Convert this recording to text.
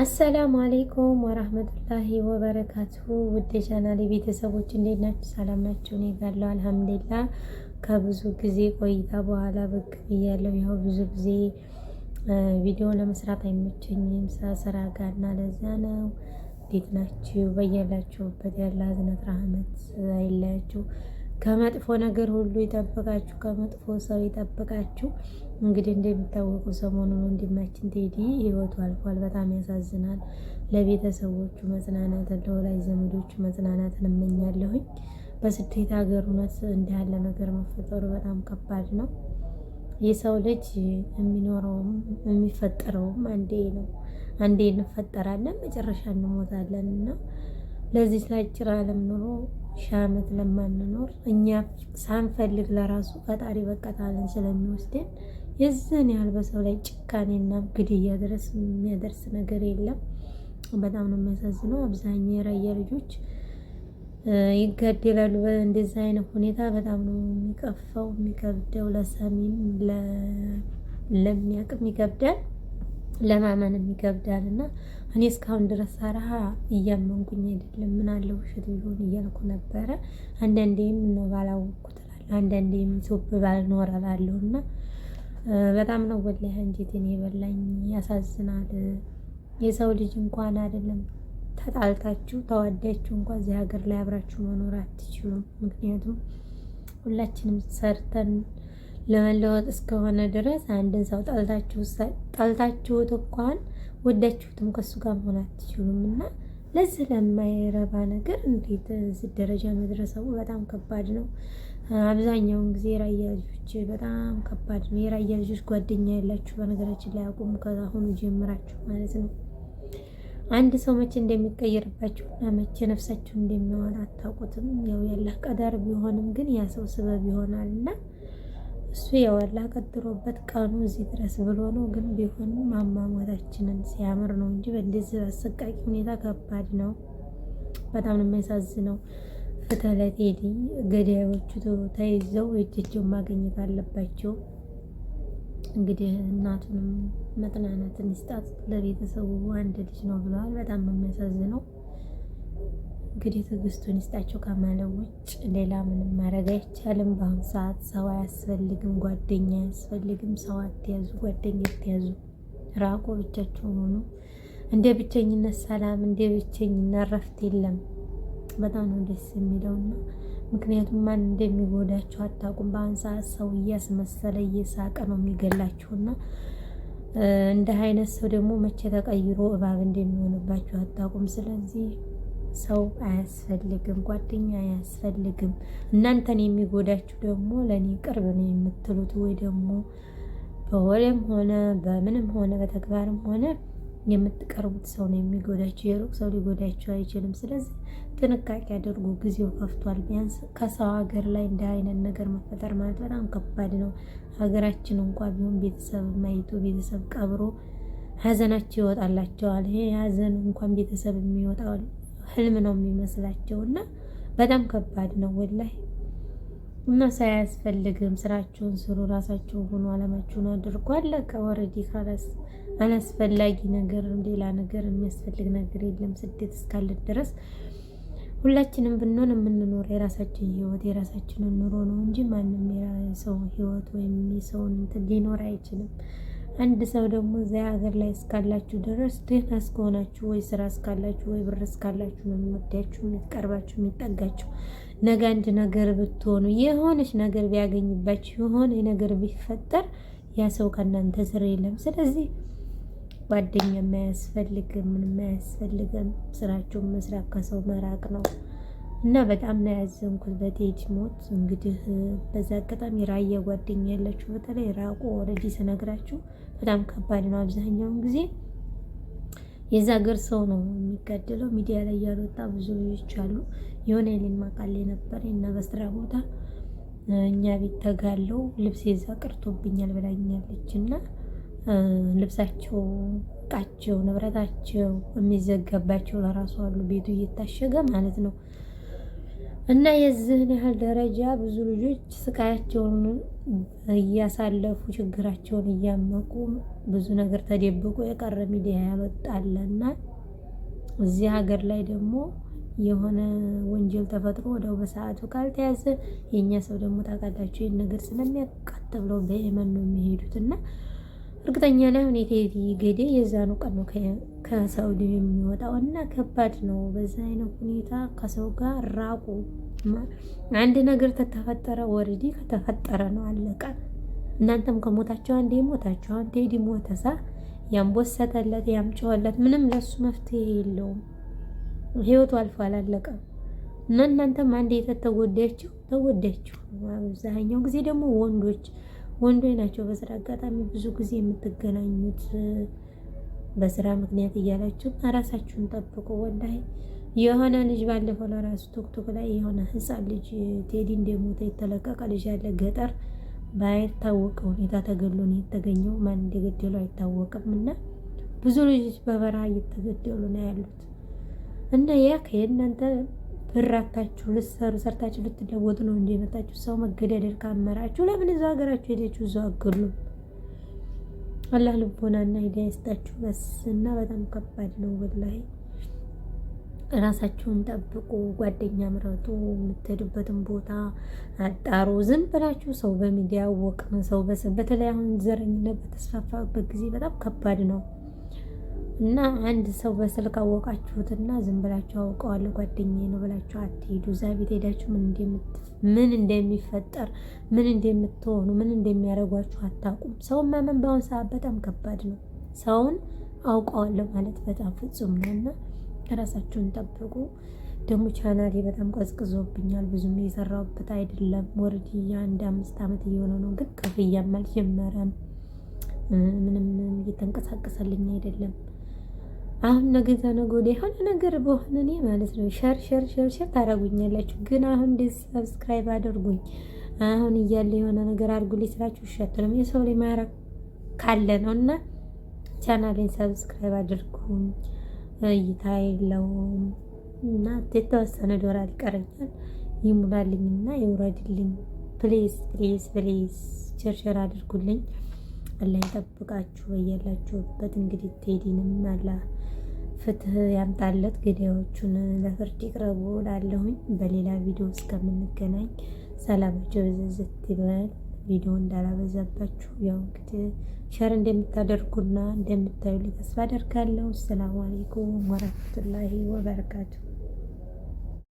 አሰላሙ አሌይኩም ወራህመቱላሂ ወበረካቱ። ውድ ቻናሌ ቤተሰቦች እንዴት ናችሁ? ሰላም ናችሁ? እኔ ጋር አለው ከብዙ ጊዜ ቆይታ በኋላ ብቅ ብያለሁ። ያው ብዙ ጊዜ ቪዲዮ ለመስራት አይመቸኝም ስራ ጋር እና ለዛ ነው። እንዴት ናችሁ? በያላችሁበት ያለ እዝነት ራህመት አይለያችሁ ከመጥፎ ነገር ሁሉ ይጠብቃችሁ፣ ከመጥፎ ሰው ይጠብቃችሁ። እንግዲህ እንደሚታወቁ ሰሞኑን ወንድማችን ቴዲ ህይወቱ አልፏል። በጣም ያሳዝናል። ለቤተሰቦቹ መጽናናትን፣ ለወላጅ ዘመዶቹ መጽናናትን እመኛለሁኝ። በስደት ሀገር እውነት እንዳለ ነገር መፈጠሩ በጣም ከባድ ነው። የሰው ልጅ የሚኖረውም የሚፈጠረውም አንዴ ነው። አንዴ እንፈጠራለን፣ መጨረሻ እንሞታለን እና ለዚህ ታጭር አለም ኑሮ ሺህ ዓመት ለማንኖር እኛ ሳንፈልግ ለራሱ ፈጣሪ በቀታለን ስለሚወስደን የዘን ያህል በሰው ላይ ጭካኔና ግድያ ድረስ የሚያደርስ ነገር የለም። በጣም ነው የሚያሳዝነው። አብዛኛው የራያ ልጆች ይገደላሉ። እንደዚህ አይነት ሁኔታ በጣም ነው የሚቀፋው፣ የሚከብደው ለሰሚም ለሚያቅም ይከብዳል። ለማመን ይገብዳል እና እኔ እስካሁን ድረስ ሰርሃ እያመንኩኝ አይደለም ምናለው ውሸት ቢሆን እያልኩ ነበረ። አንዳንዴም ነው ባላወቅኩት አንዳንዴም ሱብ ባልኖረ እላለሁ። እና በጣም ነው ወላሂ አንጀቴን የበላኝ ያሳዝናል። የሰው ልጅ እንኳን አይደለም ተጣልታችሁ ተዋዳችሁ እንኳን እዚህ ሀገር ላይ አብራችሁ መኖር አትችሉም። ምክንያቱም ሁላችንም ሰርተን ለመለወጥ እስከሆነ ድረስ አንድን ሰው ጠልታችሁት እንኳን ወዳችሁትም ከሱ ጋር መሆን አትችሉም እና ለዚህ ለማይረባ ነገር እንዴት እዚህ ደረጃ መድረሰቡ በጣም ከባድ ነው። አብዛኛውን ጊዜ የራያ ልጆች በጣም ከባድ ነው። የራያ ልጆች ጓደኛ ያላችሁ በነገራችን ላይ አቁሙ ከአሁኑ ጀምራችሁ ማለት ነው። አንድ ሰው መቼ እንደሚቀየርባችሁ እና መቼ ነፍሳችሁ እንደሚሆን አታውቁትም። ያው ያላህ ቀዳር ቢሆንም ግን ያ ሰው ስበብ ይሆናል እና እሱ የወላ ቀጥሮበት ቀኑ እዚህ ድረስ ብሎ ነው። ግን ቢሆንም ማማሞታችንን ሲያምር ነው እንጂ በእንደዚህ አሰቃቂ ሁኔታ ከባድ ነው። በጣም ነው የሚያሳዝነው። ፍትህ ለቴዲ ገዳዮቹ ተይዘው የእጃቸውን ማግኘት አለባቸው። እንግዲህ እናቱንም መጥናናትን ይስጣት። ለቤተሰቡ አንድ ልጅ ነው ብለዋል። በጣም ነው የሚያሳዝነው። እንግዲህ ትዕግስቱን ይስጣቸው ከማለት ውጭ ሌላ ምንም ማድረግ አይቻልም። በአሁኑ ሰዓት ሰው አያስፈልግም፣ ጓደኛ አያስፈልግም። ሰው አትያዙ፣ ጓደኛ አትያዙ፣ ራቆ ብቻቸውን ሆኖ እንደ ብቸኝነት ሰላም፣ እንደ ብቸኝነት ረፍት የለም። በጣም ነው ደስ የሚለውና ምክንያቱም ማን እንደሚጎዳቸው አታውቁም። በአሁኑ ሰዓት ሰው እያስመሰለ እየሳቀ ነው የሚገላችሁና እንደ አይነት ሰው ደግሞ መቼ ተቀይሮ እባብ እንደሚሆንባችሁ አታውቁም። ስለዚህ ሰው አያስፈልግም፣ ጓደኛ አያስፈልግም። እናንተን የሚጎዳችሁ ደግሞ ለእኔ ቅርብ ነው የምትሉት ወይ ደግሞ በወሬም ሆነ በምንም ሆነ በተግባርም ሆነ የምትቀርቡት ሰው ነው የሚጎዳቸው። የሩቅ ሰው ሊጎዳቸው አይችልም። ስለዚህ ጥንቃቄ አድርጉ። ጊዜው ከፍቷል። ቢያንስ ከሰው ሀገር ላይ እንደ አይነት ነገር መፈጠር ማለት በጣም ከባድ ነው። ሀገራችን እንኳ ቢሆን ቤተሰብ ማይቶ ቤተሰብ ቀብሮ ሀዘናቸው ይወጣላቸዋል። ይሄ ሀዘን እንኳን ቤተሰብ የሚወጣው ህልም ነው የሚመስላቸው እና በጣም ከባድ ነው ወላይ እና ሳያስፈልግም ስራችሁን ስሩ፣ ራሳችሁ ሁኑ፣ አላማችሁን አድርጓለ አለቀ። ወረዲ ካላስ አላስፈላጊ ነገር ሌላ ነገር የሚያስፈልግ ነገር የለም ስደት እስካለ ድረስ ሁላችንም ብንሆን የምንኖር የራሳችን ህይወት የራሳችንን ኑሮ ነው እንጂ ማንም የሰው ህይወት ወይም የሰውን እንትን ሊኖር አይችልም። አንድ ሰው ደግሞ እዚያ ሀገር ላይ እስካላችሁ ድረስ ደህና እስከሆናችሁ ወይ ስራ እስካላችሁ ወይ ብር እስካላችሁ ነው የሚወዳችሁ የሚቀርባችሁ የሚጠጋችሁ። ነገ አንድ ነገር ብትሆኑ የሆነች ነገር ቢያገኝባችሁ የሆነ ነገር ቢፈጠር ያ ሰው ከእናንተ ስር የለም። ስለዚህ ጓደኛ አያስፈልግም፣ ምንም አያስፈልግም። ስራችሁን መስራት ከሰው መራቅ ነው። እና በጣም ነው ያዘንኩት በቴጅ ሞት። እንግዲህ በዛ አጋጣሚ ራያ ጓደኛ ያለችው በተለይ ራቆ ወረዲ ስነግራችሁ በጣም ከባድ ነው። አብዛኛውን ጊዜ የዛ ሀገር ሰው ነው የሚጋደለው። ሚዲያ ላይ ያልወጣ ብዙ ልጆች አሉ። የሆነ የኔን ማቃሌ ነበር እና በስራ ቦታ እኛ ቤት ተጋለው ልብስ የዛ ቀርቶብኛል ብላኛለች እና ልብሳቸው እቃቸው ንብረታቸው የሚዘገባቸው ለራሱ አሉ። ቤቱ እየታሸገ ማለት ነው። እና የዚህን ያህል ደረጃ ብዙ ልጆች ስቃያቸውን እያሳለፉ ችግራቸውን እያመቁ ብዙ ነገር ተደብቆ የቀረ ሚዲያ ያመጣለና እዚህ ሀገር ላይ ደግሞ የሆነ ወንጀል ተፈጥሮ ወደው በሰዓቱ ካልተያዘ የእኛ ሰው ደግሞ ታውቃላችሁ ይህን ነገር ስለሚያቃጥ ብለው በየመን ነው የሚሄዱት እና እርግጠኛ ላይ ሁኔታ ገዴ የዛኑ ቀን ነው ከሳውዲ የሚወጣው እና ከባድ ነው። በዛ አይነት ሁኔታ ከሰው ጋር ራቁ። አንድ ነገር ከተፈጠረ ወርዲ ከተፈጠረ ነው አለቀ። እናንተም ከሞታቸው አንዴ ሞታቸው አንዴ ዲሞተሳ ያም ያምጮኸለት ምንም ለሱ መፍትሄ የለውም። ህይወቱ አልፎ አላለቀም እና እናንተም አንዴ የተተጎዳችሁ ተጎዳችሁ። አብዛኛው ጊዜ ደግሞ ወንዶች ወንዶች ናቸው። በስራ አጋጣሚ ብዙ ጊዜ የምትገናኙት በስራ ምክንያት እያላችሁ ራሳችሁን ጠብቁ። ወላይ የሆነ ልጅ ባለፈው ለራሱ ቶክቶክ ላይ የሆነ ህፃን ልጅ ቴዲ እንደሞተ የተለቀቀ ልጅ ያለ ገጠር ባይታወቀ ሁኔታ ተገሎ ነው የተገኘው። ማን እንደገደሉ አይታወቅም። እና ብዙ ልጆች በበረሃ እየተገደሉ ነው ያሉት እና ያ ከየእናንተ ብራታችሁ ልትሰሩ ሰርታችሁ ልትለወጡ ነው እንጂ የመጣችሁ ሰው መገዳደል ካመራችሁ ለምን እዛው ሀገራችሁ ሄዳችሁ እዛው አገሉ። አላህ ልቦናና ሂዳያ ይስጣችሁ። በስና በጣም ከባድ ነው ወላሂ። ራሳችሁን ጠብቁ። ጓደኛ ምረጡ። የምትሄዱበትን ቦታ አጣሩ። ዝም ብላችሁ ሰው በሚዲያ ወቅን ሰው በተለይ አሁን ዘረኝነት በተስፋፋበት ጊዜ በጣም ከባድ ነው። እና አንድ ሰው በስልክ አወቃችሁትና ዝም ብላችሁ አውቀዋለሁ ጓደኛዬ ነው ብላችሁ አትሄዱ። እዛ ቤት ሄዳችሁ ምን እንደሚፈጠር ምን እንደምትሆኑ ምን እንደሚያደርጓችሁ አታውቁም። ሰውን ማመን በአሁን ሰዓት በጣም ከባድ ነው። ሰውን አውቀዋለሁ ማለት በጣም ፍጹም ነው እና ራሳችሁን ጠብቁ። ደግሞ ቻናሌ በጣም ቀዝቅዞብኛል። ብዙም የሰራሁበት አይደለም። ወርድ የአንድ አምስት ዓመት እየሆነ ነው፣ ግን ክፍያም አልጀመረም። ምንም እየተንቀሳቀሰልኝ አይደለም። አሁን ነገዛ ነገወዲያ የሆነ ነገር በሆነ እኔ ማለት ነው ሸር ሸር ሸር ሸር ታደርጉኛላችሁ። ግን አሁን ዲስ ሰብስክራይብ አድርጉኝ አሁን እያለ የሆነ ነገር አድርጉልኝ ስላችሁ ይሻትልም የሰው ላይ ማረግ ካለ ነው እና ቻናሌን ሰብስክራይብ አድርጉኝ። እይታ የለውም እና የተወሰነ ዶር አልቀረኛል ይሙላልኝ እና ይውረድልኝ። ፕሊዝ ፕሊዝ ፕሊዝ ቸርቸር አድርጉልኝ። አላህ ይጠብቃችሁ እያላችሁበት እንግዲህ ቴዲንም አላ ፍትህ ያምጣለት፣ ገዳዮቹን ለፍርድ ይቅረቡ። ላለሁኝ በሌላ ቪዲዮ እስከምንገናኝ ሰላማቸው በዘዘት ይበል። ቪዲዮ እንዳላበዛባችሁ ያው እንግዲህ ሸር እንደምታደርጉና እንደምታዩ ተስፋ አደርጋለሁ። አሰላሙ አለይኩም ወረህመቱላሂ ወበረካቱሁ።